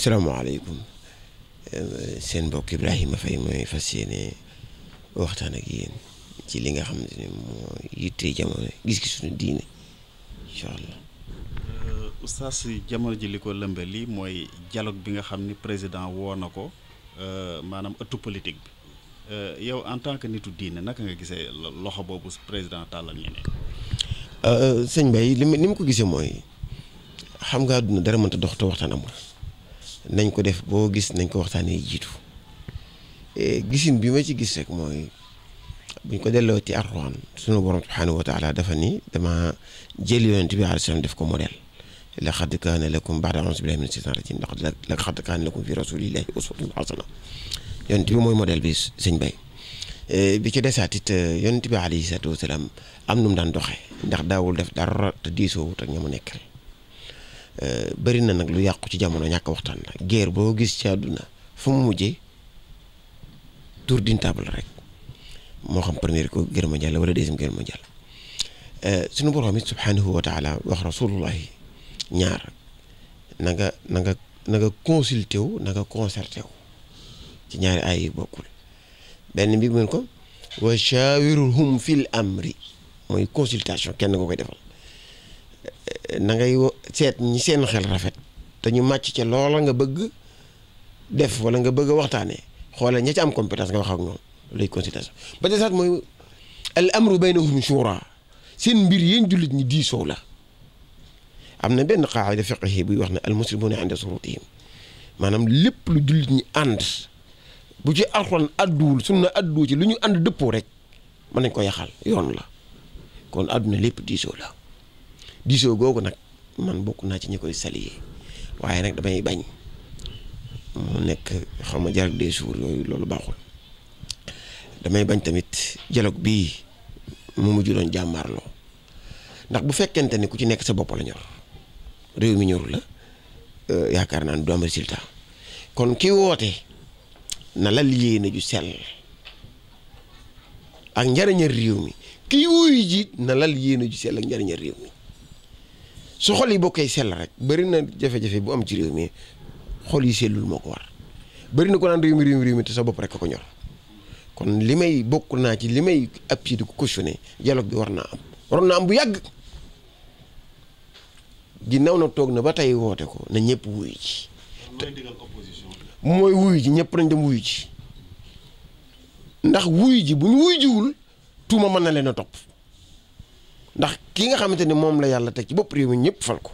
asalaamaaleykum seen mbokk Ibrahima Faye mooy fas yéene waxtaan ak yéen ci li nga xam ne moo yitte jamono gis-gis suñu diine incha allah. Euh, oustaz jamono ji li ko lëmbe lii mooy dialogue bi nga xam ni président woo na ko euh, maanaam ëttu politique bi euh, yow en tant que nitu diine naka nga gisee loxo boobu président tàllal ñeneen. sëñ Baye li ni mu ko gisee mooy xam nga àdduna dara mënta dox te waxtaan amul. nañ ko def boo gis nañ ko waxtaan waxtaanee jiitu e, gisin bii ma ci gis rek mooy buñ ko delloo ci Alxuraan sunu borom subhaanahu wa taala dafa ni dama jël yonent bi alayhi salaam def ko modèle laqad kaana lakum ba'da a'uuzu billaahi mina shaytaani rajiim ndax laqad kaana lakum fi rasuulillaahi uswatun hasana yonent bi mooy modèle bi sëñ Bay e, bi ci desaat it yonent bi alayhi salaatu wa salaam am nu mu daan doxee ndax daawul def dara te diisoo wut ak ña mu nekk Euh, bëri na nag lu yàqu ci jamono ñàkk waxtaan la guerre boo gis ci àdduna fu mu mujjee tour d'une table rek moo xam première guerre mondiale wala deuxième guerre mondiale euh, suñu borom it subhaanahu wa wax rasulullahi ñaar na nga na nga na nga consulté wu na nga concerté wu ci ñaari ay yi benn bi mën ko wa shaawirhum fil amri mooy consultation kenn ko koy defal na ngay seet ñi seen xel rafet te ñu màcc ca loola nga bëgg def wala nga bëgg a waxtaanee xoolal ña ci am compétence nga wax ak ñoom lay consultation ba tey mooy al amru baynahum shura seen mbir yéen jullit ñi diisoo la am na benn qaayida fiqhi buy wax ne al muslimuna inda surutihim maanaam lépp lu jullit ñi ànd bu ci alxuraan adduwul sunna addu ci lu ñu ànd dëppoo rek mën nañ ko yaxal yoon la kon àdduna lépp diisoo la diisoo googu nag man bokk naa ci ñi koy saliyee waaye nag damay bañ mu nekk xaw ma jarak des jours yooyu loolu baaxul damay bañ tamit dialogue bii mu mujj doon jàmmaarloo ndax bu fekkente ni ku ci nekk sa bopp la ñor réew mi ñor la euh, yaakaar naa ne du am résultat kon ki woote na la liggéey ju sell ak njariñal réew mi ki ji na lal yéen ju sell ak njariñal réew mi su xol yi bokkee sell rek bëri na jafe-jafe bu am ci réew mi xol yi sellul moo ko war bëri na ko naan réew mi réew mi te sa bopp rek ko ñor kon li may bokk naa ci li may ab ci di ko cautionné dialogue bi war naa am waroon naa am bu yàgg naw na toog na ba tey woote ko na ñëpp wuyu ci. mooy wuyu ji ñëpp nañ dem wuyu ji ndax wuyu ji bu ñu wuyu jiwul tuuma mën na leen a topp. ndax ki nga xamante ni moom la yàlla teg ci bopp réew mi ñëpp fal ko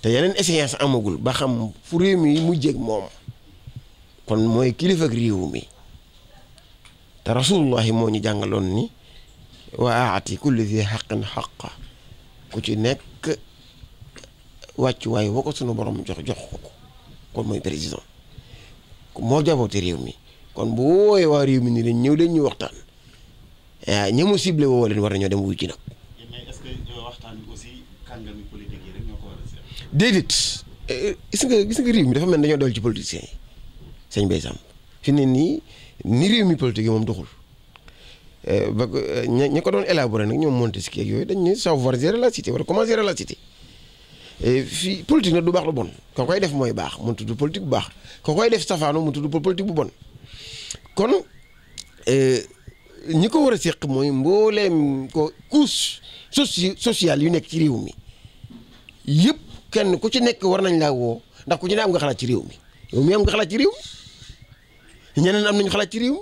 te yeneen échéance amagul ba xam fu réew mi mu jég moom kon mooy kilifa ak réew mi te rasulullahi moo ñu jàngaloon ni wa aati kulli fi xaqin xaqa ku ci nekk wàccuwaay woo ko sunu borom jox jox ko kon mooy président moo jaboote réew mi kon bu woowee waa réew mi ni leen ñëw leen ñu waxtaan Eh, ña mu ciblé woo leen war nañoo dem wuy ci nag. mais euh, waxtaan bi aussi kàngami politique déedéet eh, gis nga gis nga réew mi dafa mel ne dañoo dool ci politiciens yi sëñ Mbaye Samb fi ne nii ni réew mi politique yi moom doxul eh, ba ko doon élaborer nag ñoom Montesquieu ak yooyu dañ ne savoir a la cité wala comment gérer la cité fii politique nag du baax lu bon ka koy def mooy baax mu tudd politique bu baax ka koy def safaano mu tudd politique bu bon kon. ñi ko war a séq mooy mbooleem ko couche soci sociale yu nekk ci réew mi yépp kenn ku ci nekk war nañ laa woo ndax ku ci ne am nga xalaat ci réew mi yow mi am ci réew ñeneen am nañu xalaat ci réew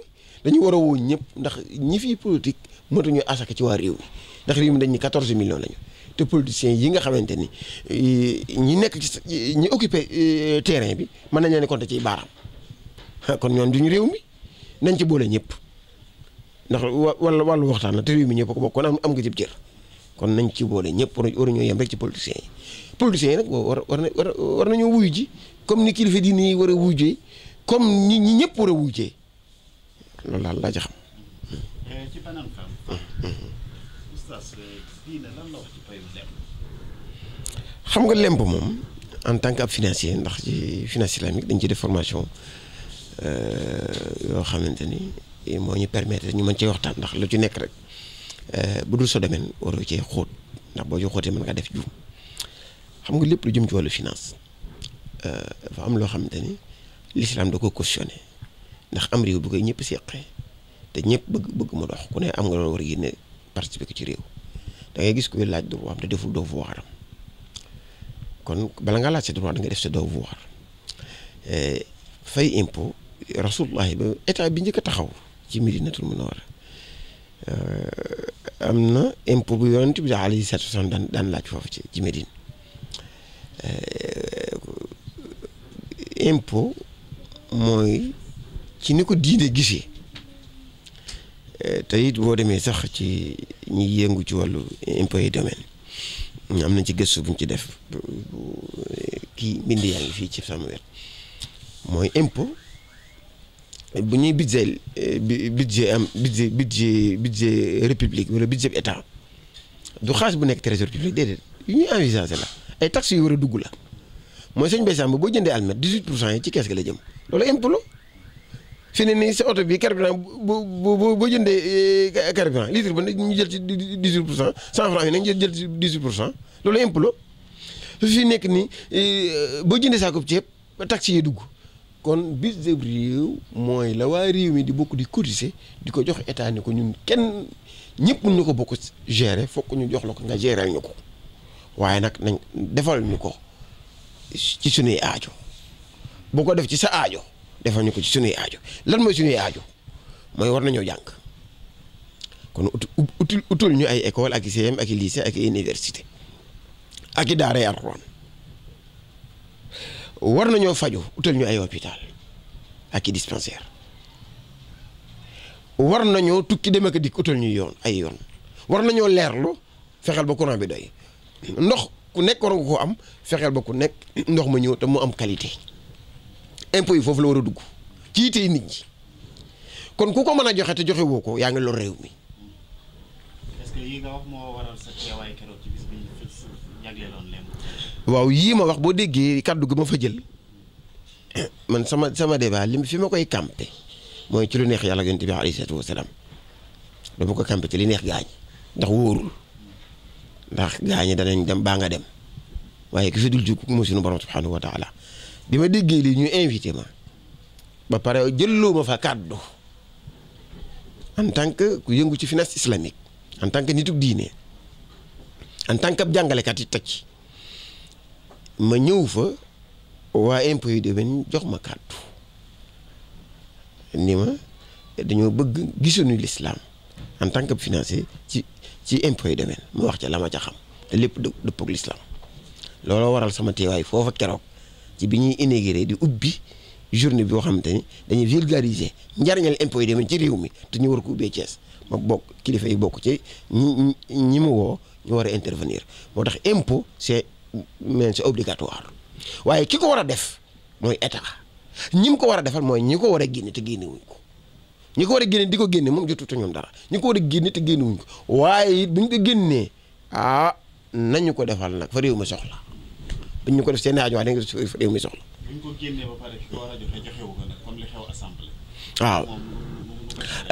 mi dañu war a woo ñëpp ndax ñi fi politique mënatuñu asaka ci waa réew mi ndax réew mi dañ ni 14 lañu te politiciens yi nga xamante ni ñi nekk ci ñi occupé terrain bi mën nañ leen compter ci baaraam kon ñoon duñu réew mi nañ ci boole ñëpp. ndax wala wàllu waxtaan la te réew mi ñëpp ko bokk kon am am nga jëb jër kon nañ ci boole ñëpp waruñoo yem rek ci politiciens yi politiciens yi nag war war na war nañoo wuyu ji comme ni kilifa diine yi war a wujjee comme ñi ñi ñëpp war a wujjee loolu daal laa eh, mm, mm, mm. Eh, la wax ci payu xam nga lemp moom en tant que ab financier ndax ci finance islamique dañ ci def formation euh, yoo xamante ni. moo ñu permettre ñu mën cee waxtaan ndax lu ci nekk rek eh, bu dul sa domaine waroo cee xóot ndax boo ci xóotee mën nga def juum xam nga lépp lu jëm ci wàllu finance eh, dafa am loo xamante ni l'islam da ko cautionné ndax am réew bu koy ñëpp seqee te ñëpp bëgg bëgg mu dox ku ne am nga loolu war a génne participer ko ci réew da ngay gis kuy laaj droit am te deful devoir am kon bala nga laaj sa droit da nga def sa devoir eh, fay impôt rasulullahi ba état bi njëkk a taxaw ci Madinatul Munawwara euh, am na impôt bu yonent bi daal alayhi salaatu wasalaam daan daan laaj foofu ci ci impo euh, impôt mooy ci ni ko diine gisee euh, te it boo demee sax ci ñi yëngu ci wàllu impôt yi domaine am na ci gëstu buñ ci def kii mbind yaa ngi fii ci sama wet mooy impôt bu ñuy budget eh, budget am budget budget budget république wala budget état du xaalis bu nekk trésor public déedéet yu ñuy envisager la ay taxes yu war a dugg la mooy sëñ Bay Samba boo jëndee almet 18 pour cent yi ci kees ga la jëm loolu impôt la fi ne nii sa oto bi carburant boo boo boo jëndee eh, carburant litre ba ñu jël ci 18 pour cent 100 francs yi nañ jël ci 18 pour cent loolu impôt la fi nekk nii eh, boo jëndee saako ceeb taxes yi dugg. kon budget réew mooy la waa réew mi di bokk di cotiser di ko jox état ko ñun kenn ñëpp ñu ko bokk gérer fokk ñu jox la ko nga gérer ñu ko waaye nag nañ defal ñu ko ci sunuy aajo boo ko def ci sa aajo defal ñu ko ci sunuy aajo lan mooy sunuy aajo mooy war nañoo jàng kon utul utul ñu ay école ak i CM ak i lycée ak i université ak i daara alxuraan war nañoo faju utal ñu ay hôpital ak i dispensaire war nañoo tukki dem ak dikk utal ñu yoon ay yoon war nañoo leerlu fexeel ba courant bi doy ndox ku nekk war nga koo am fexeel ba ku nekk ndox ma ñëw te mu am qualité impôt yi foofu la war a dugg ci tey nit ñi kon ku ko mën a joxe te joxe ko yaa ngi lor réew mi. yi nga wax moo waral sa waaw yii ma wax boo déggee kàddu gi ma fa jël man sama sama débat lim fi ma koy campé mooy ci lu neex yàlla yonent bi alayhi salaatu wasalaam dama ko campé ci li neex gaañ ndax wóorul ndax gaañi danañ dem baa nga dem waaye ki fi dul jug mu suñu borom subhanahu wa taala bi ma déggee lii ñuy invité ma ba pare jëlloo ma fa kàddu en tant que ku yëngu ci finance islamique en tant que nituk diine en tant que ab jàngalekat yi teg ma ñëw fa waa impôt yi domaine jox ma kàddu nii ma dañoo bëgg gisuñu lislaam en tant que financier ci ci impôt yi domaine ma wax ca la ma ca xam te lépp dëppook lislaam looloo waral sama teewaay foofu keroog ci bi ñuy inauguré di ubbi journée bi boo xamante ni dañuy vulgariser njariñal impôt yi domaine ci réew mi te ñu war ko ubbee Thiès ma bokk kilifa yi bokk ci ñi ñi mu woo ñu war a intervenir moo tax impôt c'est mais si obligatoire waaye ki ko war a def mooy état ñi ko war a defal mooy ñi ko war a génne te génne ko ñi ko war a génne di ko génne moom jotutu ñoom dara ñi génne te génne ko waaye it buñ ko génnee ah nañu ko defal nag fa réew mi soxla buñ ñu ko def seen aajo wax dëgg fa réew mi soxla. waaw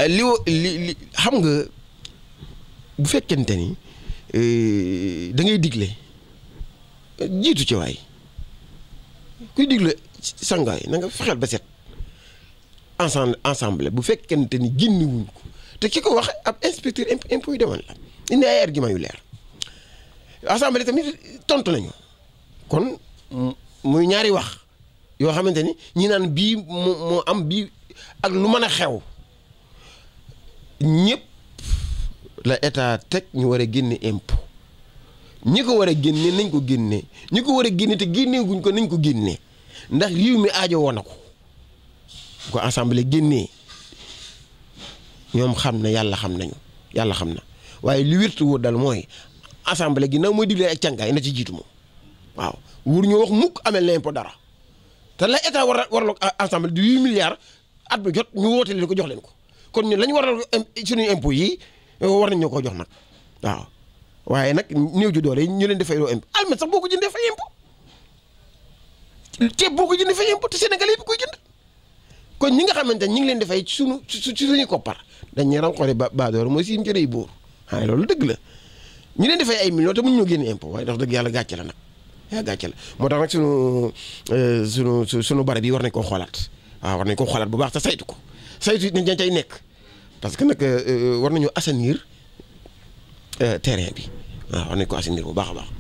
li li li xam nga bu fekkente ni eh, dangay digle. jiitu ci waay kuy digle sangaay na fexeel ba set ensemble ensemble bu fekkente ni génn ko te ki ko wax ab inspecteur impôt yu demoon la indi ay argument yu leer assemblée tamit tontu nañu kon muy ñaari wax yoo xamante ni ñi naan bii moo moo am bii ak lu mën a xew ñëpp la état teg ñu war a génne impôt ñi ko war a génne nañ ko génne ñi ko war a génne te génneeguñ ko nañ ko génne ndax réew mi aajo woon na ko ko assemblée génnee ñoom xam na yàlla xam nañu yàlla xam na waaye li wértu wóor dal mooy assemblée gi nag mooy digle ak càngaay na ci jiitu moom waaw wur ñu wax muk amel na impôt dara te la état war warloo assemblée du huit milliards at bu jot ñu woote leen ko jox leen ko kon ñu lañ waral suñu impôt yi war nañ ko jox nag waaw waaye nag néew ju doole ñu leen defee fay loo impôt almet sax boo ko jëndee fay impôt ceeb boo ko jëndee fay impôt te Sénégalais bi koy jënd kon ñi nga xamante ne ñu ngi leen di fay ci suñu ci suñu koppar dañuy rencorer ba baadoor mooy si njëre yi buur waaye loolu dëgg la ñu leen di fay ay millions te mënuñoo génne impôt waaye ndax dëgg yàlla gàcce la nag yaa gàcce la moo tax nag sunu euh, sunu sunu barab yi war nañ koo xoolaat waaw war nañ ko xoolaat bu baax te saytu ko saytu it nañ cay nekk parce que nag euh, euh, war nañoo assainir. Euh, terrain bi waaw war nañ ko assainir bu baax a baax.